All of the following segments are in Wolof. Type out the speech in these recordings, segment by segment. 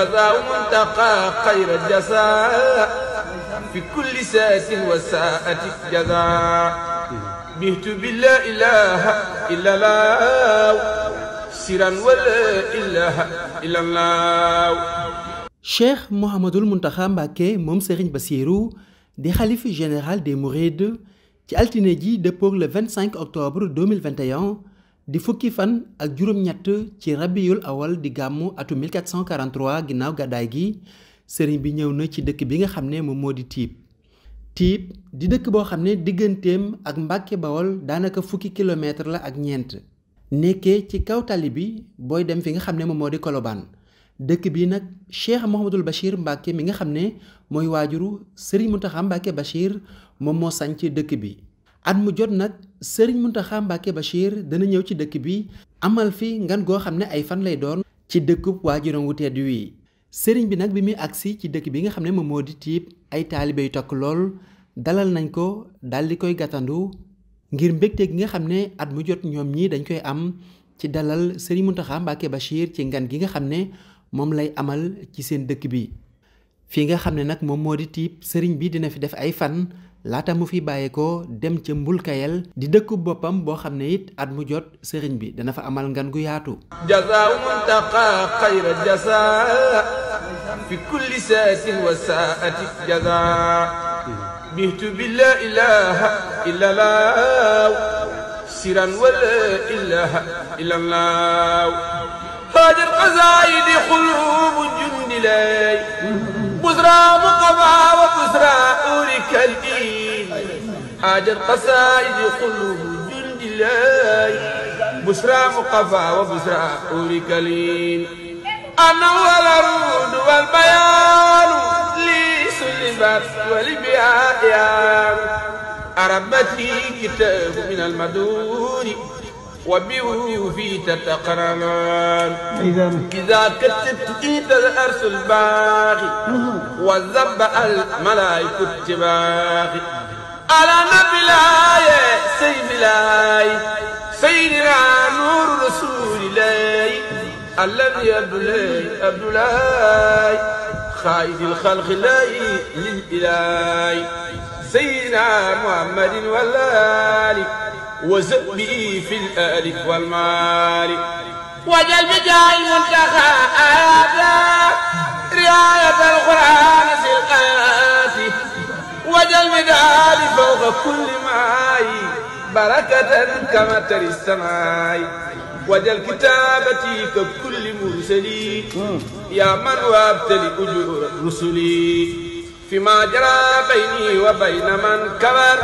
jazaa muntaqa xayra jazaa fi kulli saatin wa saati jazaa bihtu bi la ilaha illa laaw siran wa la ilaha illa laaw cheikh moom sëriñ basiiru di xalif général des mourides ci altine ji dëppoog le 25 di fukki fan ak juróom-ñett ci rabiyul awal di gàmmu atu 1443 ginnaaw gàddaay gi sëriñ bi ñëw na ci dëkk bi nga xam ne moom moo di tiib tiib di dëkk boo xam ne digganteem ak mbàkke bawol daanaka fukki kilomètre la ak ñeent nekkee ci kaw tali bi booy dem fi nga xam ne moom moo di kolobaan dëkk bi nag cheikh Mouhamadul Bachir Mbacke mi nga xam ne mooy waajuru mu Mountakha Mbacke Bachir moom moo sañ sañc dëkk bi at mu jot nag Serigne Mountakha Mbacké Bachir dana ñëw ci dëkk bi amal fi ngan goo xam ne ay fan lay doon ci dëkkub waajuram wu tedd wi sëriñ bi nag bi muy agsi ci dëkk bi nga xam ne moom moo di tiib ay taalibe yu tokk lool dalal nañ ko dal di koy gàttandu ngir mbégte gi nga xam ne at mu jot ñoom ñi dañ koy am ci dalal Serigne Mountakha Mbacké Bachir ci ngan gi nga xam ne moom lay amal ci seen dëkk bi fii nga xam ne nag moom moo di tiib sëriñ bi dina fi def ay fan laata mu fi bàyyeekoo dem ca mbulkayel di dëkku boppam boo xam ne it at mu jot sëriñ bi dana fa amal ngan gu yaatu jazaa muntaqa xayra jazaa fi kulli saatin wa saati jazaa حاجت قصائد قلوب جند الله بشرى مقفى وبشرى أولي كليل أنا والعرود والبيان لي سلمت ولبيان أربتي كتاب من المدور وبيه في تتقرنان إذا كتبت إذا الأرس الباغي وذب الملائكة التباغي alaana bilaaye sëy bilaay sayyidina nuuru rasuulillaahi alladi abdulaay abdulaay xaayidil xalqi laayi lil ilaay sayyidina muhammadin walaali wa sahbihi fil aali wal maali wajal bi jaay muntaxa ayaata riaayatal quraan sil المداد فوق كل ماي بركة كما تري السماي وجل كتابتي ككل مرسلي يا من وابتلي أجور رسلي فيما جرى بيني وبين من كبر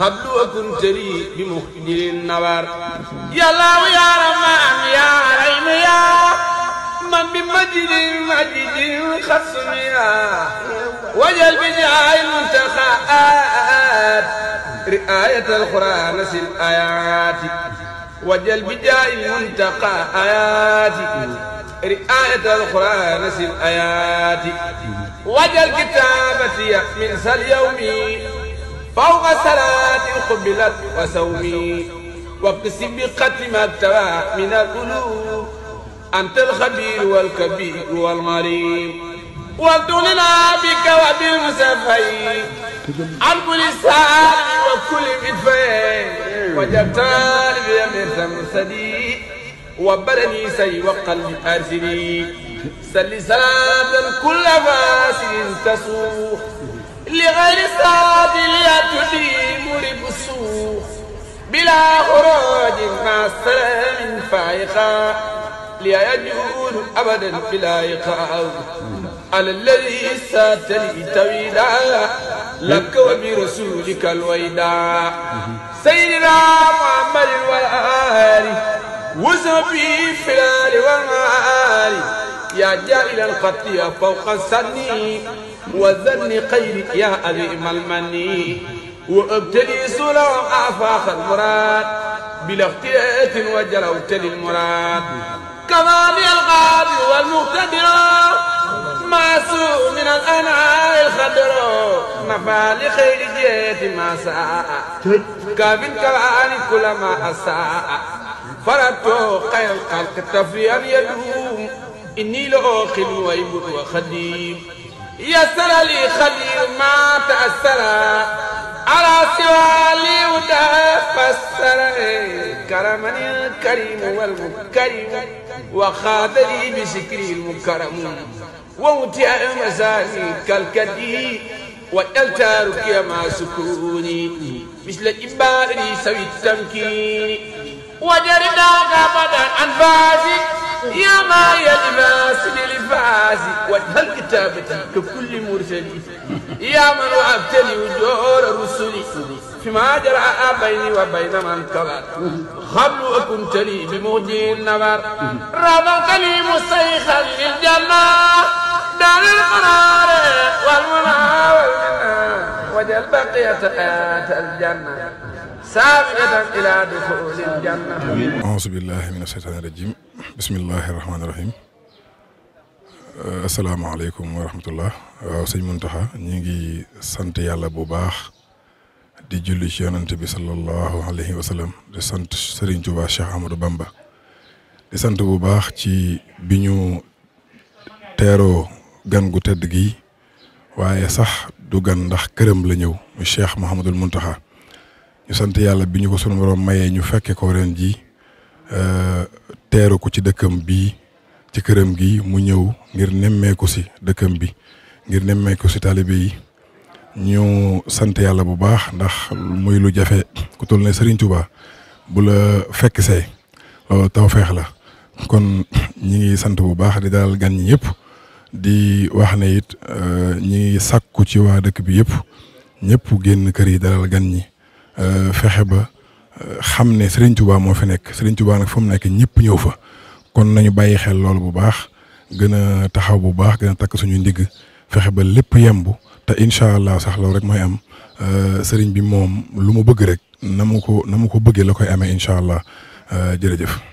قبل وكنت لي بمخجل النور يا الله يا رمان يا من بمجد مجد خصمها وجل بجاه المنتخبات رعاية القرآن سل آيات وجل بجاه المنتقى آيات رعاية القرآن سل آيات وجل كتابتي من سل يومي فوق صلاة قبلت وسومي واقسم بقتل ما من القلوب أنت الخبير والكبير والغريب وابتلنا بك وبالمسفي عن كل سائل وكل مدفي وجبت بيمن مرسلي وبرني سي وقلبي أرسلي سل سلاما كل فاسد تسوخ لغير سادل يتدي مرب السوخ بلا خراج مع السلام فائقا ليجول أبدا بلا يقاض على الذي ساتني تويدا لك وبرسولك الويدا سيدنا محمد والآل وزبي في الآل والآل يا جائل الخطية فوق السن وذن قيل يا أذيم المني وابتلي سلام آفاق المراد بلا اختيات وجلوت للمراد كما بالغاب والمقتدر معصوم من الأنعاء الخضر نفى لخير جيت ما ساء كافٍ كوان كل ما أساء فردت خير الخلق تفريا يدوم إني لأوخل ويبر وخديم يسر لي خدير ما تأثر على سوالي وتفسر كرمني الكريم والمكرم وخاض لي بذكري المكرم وأوتي مساني كالكدي والتارك مع سكوني مثل إباري سوي التمكين وجرنا غابنا عن فازي يا ما يا لباس للفازي واجهل كتابتي ككل مرسلي يا من وابتلي وجور رسلي فيما جرى بيني وبين من كبر خبل وكنت لي بموجي النبر رافقت لي مستيخا للجنة دار القرار والمنى والمنى وجل بقية آيات الجنة سابقة إلى دخول الجنة أعوذ بالله من الشيطان الرجيم بسم الله الرحمن الرحيم asalaamaaleykum wa rahmatullah waaw sëñ Muntaxa ñu ngi sant yàlla bu baax di julli ci yonante bi sallallahu alayhi wa sallam di sant Serigne Touba Cheikh Amadou Bamba di sant bu baax ci bi ñu teeroo gan gu tedd gi waaye sax du gan ndax këram la ñëw mu Cheikh Mouhamadul muntaxa ñu sant yàlla bi ñu ko sunu borom mayee ñu fekke ko ren ji euh, teeru ko ci dëkkam bi ci këram gi mu ñëw ngir nemmeeku si dëkkam bi ngir nemmeeku si taalibe yi. ñu sant yàlla bu baax ndax muy lu jafe ku ne Serigne Touba bu la fekk see loolu tawfeex la kon ñi ngi sant bu baax di dalal gan ñi yëpp di wax ne it euh, ñi ngi sàkku ci waa dëkk bi yëpp ñëpp génn kër yi dalal gan ñi euh, fexe ba euh, xam ne Serigne Touba moo fi nekk Serigne Touba nag fa mu nekk ñëpp ñëw fa kon nañu bàyyi xel loolu bu baax gën a taxaw bu baax gën a takk suñu ndigg fexe ba lépp yemb. te incha allah sax loolu rek mooy am euh, sëriñ bi moom lu mu bëgg rek na mu ko na mu ko bëggee la koy amee incha allah euh, jërëjëf.